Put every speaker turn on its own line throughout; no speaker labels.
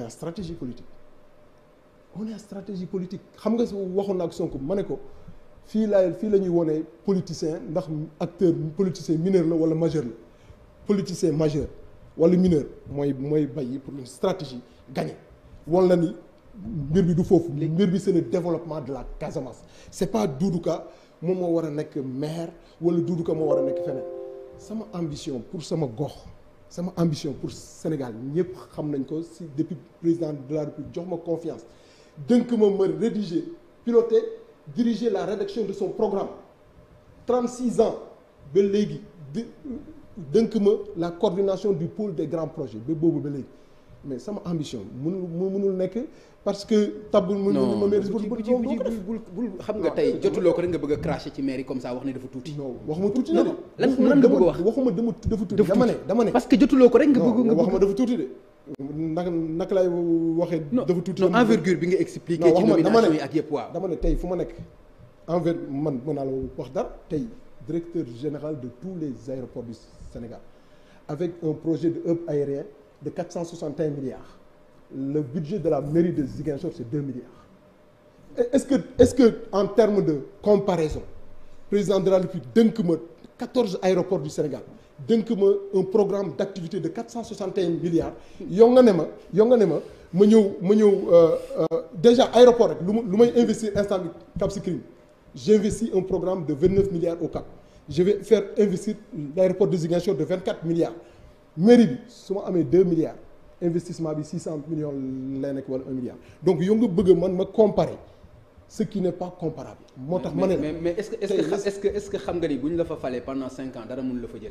on est à stratégie politique on est à stratégie politique xam nga waxoon na ak politiciens, ko politicien acteur politicien mineur majeur politicien majeur pour une stratégie gagnée Ou c'est le développement de la Casamance c'est pas Doudouka Moi, maire ou moi. ambition pour ma gox c'est ma ambition pour le Sénégal Je xam nañ ko depuis président de la République j'ai ma confiance je ma suis rédiger piloter diriger la rédaction de son programme 36 ans je suis la coordination du pôle des grands projets mais sama ambition mënul mënul nekk parce que tabul mu ma mairie bul bul xam nga
tay jotuloo ko rek nga bëgg cracher ci mairie comme ça wax ne dafa tuuti non waxuma tuuti non lan lan nga bëgg wax
waxuma dama dafa tuuti dama ne dama ne parce que jotuloo ko rek nga bëgg nga waxuma dafa tuuti de nak naka laay waxee dafa tuuti non envergure
bi nga expliquer ci nomination yi
ak yëpp wa dama ne tay fuma nek nekk envers man mën la wax dar tay directeur général de tous les aéroports du Sénégal avec un projet de hub aérien de 461 milliards. Le budget de la mairie de Ziguinchor, c'est 2 milliards. Est-ce que, est que, en termes de comparaison, le président de la République, 14 aéroports du Sénégal, donne-moi un programme d'activité de 461 milliards, déjà aéroport, investir instant Cap j'investis un programme de 29 milliards au Cap. Je vais faire investir l'aéroport de Ziguinchor de 24 milliards mairie, si je 2 milliards, investissement de 600 millions de 1 milliard. Donc, vous faut comparer. ce qui n'est pas comparable. Mais,
est-ce que est-ce que, est que, pendant 5 ans, il pas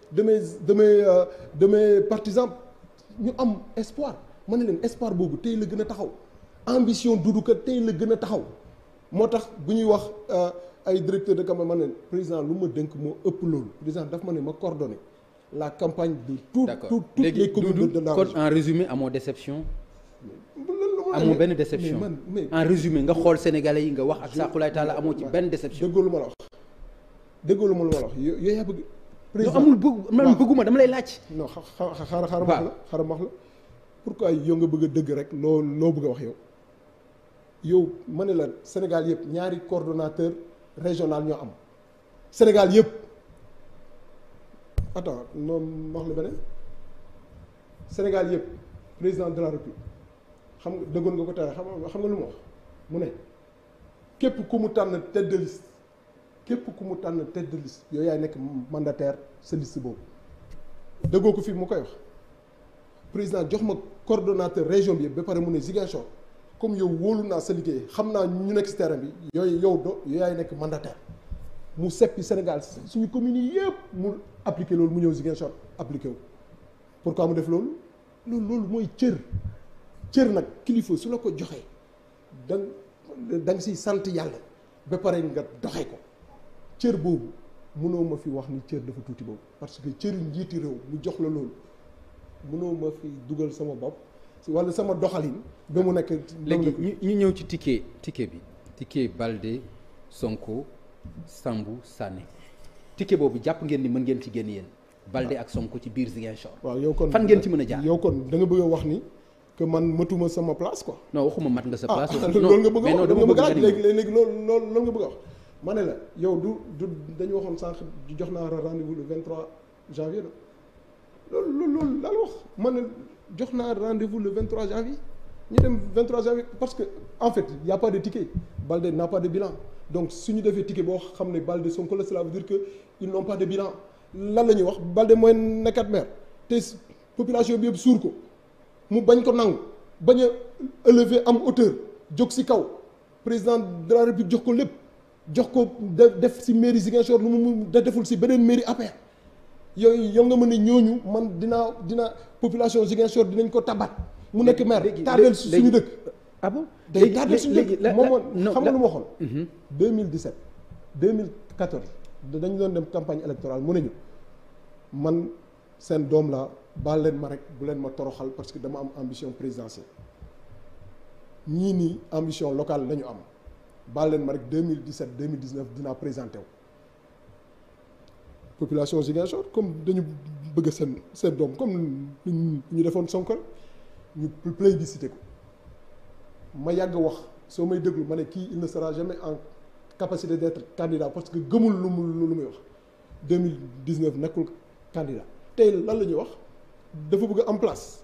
de mes de mes euh, partisans nous avons espoir ma espoir beaucoup le ambition Doudou Ka tey la gën taxaw euh, directeur de campagne le président président coordonné la campagne de tout toutes les communes de la en
résumé mon déception
mon
déception en résumé nga sénégalais yi nga wax ak taala déception
président amul bëgg man bëgguma dama lay laaj. non xa xa xaaral xaaral wax la xaaral wax la pourquoi yow nga bëgg a dëgg rek loo loo bëgg a wax yow. yow ma ne la Sénégal yëpp ñaari coordonnateur régional ñoo am Sénégal yëpp attends noonu wax la beneen Sénégal yëpp président de la République xam nga dëggoon nga ko tey xam nga lu ma wax mu ne képp ku mu tànn tête de képp ku mu tànn tête de liste yooyu yaay nekk mandataire sa liste boobu dëggoo ko fii mu koy wax président jox ma coordonnateur région bi yëpp ba pare mu ne Ziguinchor comme yow wóolu naa sa liggéey xam naa ñu nekk si terrain bi yooyu yow do yooyu yaay nekk mandataire mu seppi Sénégal suñu communes yi yëpp mu appliqué loolu mu ñëw Ziguinchor appliqué wu pourquoi mu def loolu loolu loolu mooy cër cër nag kilifa su la ko joxee da da nga siy sant yàlla ba pare nga doxee ko cër boobu mënoo ma fi wax ni cër dafa tuuti boobu parce que cëru njiiti réew mu jox la loolu mënoo ma fi dugal sama bopp wala sama doxalin ba mu nekk léegi
ñu ñëw ci ticket ticket bi ticket Baldé Sonko Sambou Sané ticket boobu jàpp ci génn yéen Baldé ak Sonko ci biir ci a jaar
a wax ni que man matuma sama place ah, loolu nga bëgg a wax léegi léegi loolu loolu nga bëgg a wax ma ne la yow du du dañu rendez-vous le 23 janvier la loolu loolu wax ne rendez-vous le 23 janvier ñu dem 23 janvier parce que en fait il y a pas de ticket Balde n'a pas de bilan donc si ñu defee ticket boo ticket, Balde son collègue, cela veut dire qu'ils n'ont pas de bilan C'est la qu'on wax Balde mooy nekkat maire La population est yëpp suur Il mu bañ ko nangu hauteur jóg président de la République jox ko jox ko def ci mairie Ziguinchor lu mu deful ci benen mairie APR yoy yow nga mën ne ñooñu man dina dina population Ziguinchor dinañ ko tabat mu nek maire tabel suñu dëkk ah bon day tabel suñu dëkk moom xam nga lu ma waxoon 2017 mhm. 2014 dañu doon dem campagne électorale mu neñu man sen dom la bal leen ma rek bu leen ma toroxal parce que dama am ambition présidentielle ñi ni ambition locale lañu am baal Marik 2017 2019 dina présenté population Ziguinchor comme dañu bëgg sen sen dom comme ñu defoon Sonko ñu plébiscité ko ma yàgg wax so may déglu mané ki il ne sera jamais en capacité d'être candidat parce que gëmul lu lu muy wax 2019 nakul candidat tey lan lañu wax dafa bëgg am place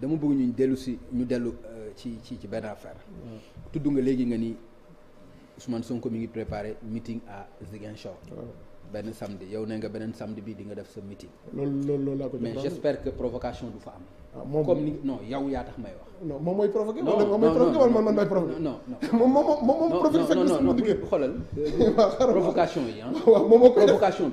dama bëgg ñu dellu ci ñu ci ci ci affaire. nga ni Ousmane Sonko mi ngi meeting à samedi yow nga samedi
mais j'espère
que provocation du fa am. non yow tax may wax.
non non non non non non non non non non
provocation yi provocation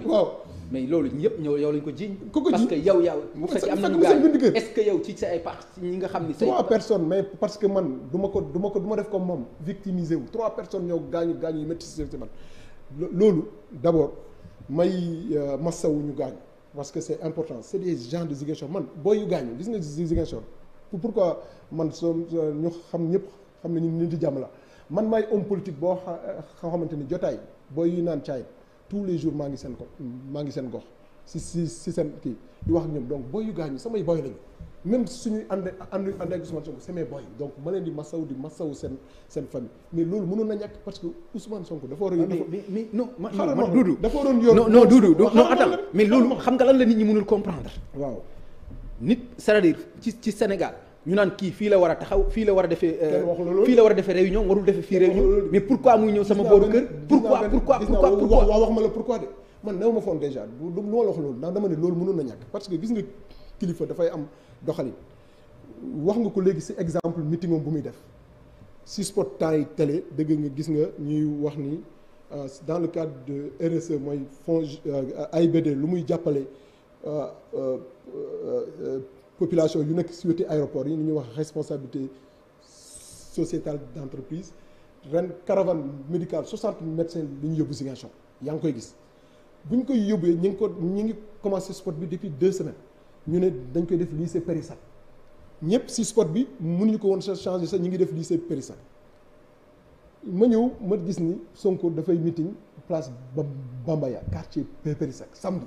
mais lolu ñëpp ñoo yow lañ ko jiiñ parce que yow yow bu fekkee am na gaay est-ce que yow ci sa ay parti ñi nga xamni trois
personnes mais parce que man duma ko duma ko duma def comme mom victimisé wu trois personnes ñoo gañu gañu yu métti man lolu d'abord may euh, massa wu ñu gaañ parce que c'est important c'est des gens de Ziguinchor man booy yu gaañu gis nga Ziguinchor pourquoi man soo ñu xam ñëpp xam nañu nit di jàmm la man may homme politique bo xamanteni jotay jotaay booy yu naan caay tous les jours mangi mangi sen gox si si si di wax ñom donc boy yu samay boy lañu même si on ande ànd Ousmane Sonko c'est mes boy donc ma leen di di famille mais vous mënu na ñàkk parce que Ousmane Sonko dafa non, non non non non mais non, xam nga lan la nit ñi mënul comprendre
waaw nit c'est-à-dire ci Sénégal ñu naan kii fii la wara taxaw fi la wara
defé fi la euh, wara defé réunion warul defé fi réunion mais pourquoi muy ñew sama booru keur pourquoi pourquoi pourquoi pourquoi wax ma la pourquoi dé man néwuma fon déjà du lu ma wax loolu ndax dama ne loolu mënoon na ñak parce que gis nga kilifa fay am doxali wax nga ko légui ci exemple meeting bu muy def si spot temps yi télé deug nga gis nga ñuy wax ni euh, dans le cadre de RSE moy fond euh, AIBD lu muy jappalé euh euh population yu nek ci aéroport yi ni ñuy wax responsabilité sociétale d'entreprise ren caravane médical 60 médecins li ñu yobu Ziguinchor yaa ngi koy gis buñ koy yobé ñu ngi ko ñu commencé sport bi depuis 2 semaines ñu né dañ koy def lycée Périssat ñepp ci sport bi mënu ñu ko won changer sax ñu ngi def lycée Périssat ma ñëw ma gis ni Sonko da fay meeting place Bambaya quartier Périssat samedi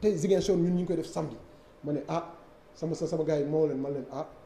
te Ziguinchor ñun ñu ngi koy def samedi mané ne ah sama sa sama gars yi moo leen man leen ah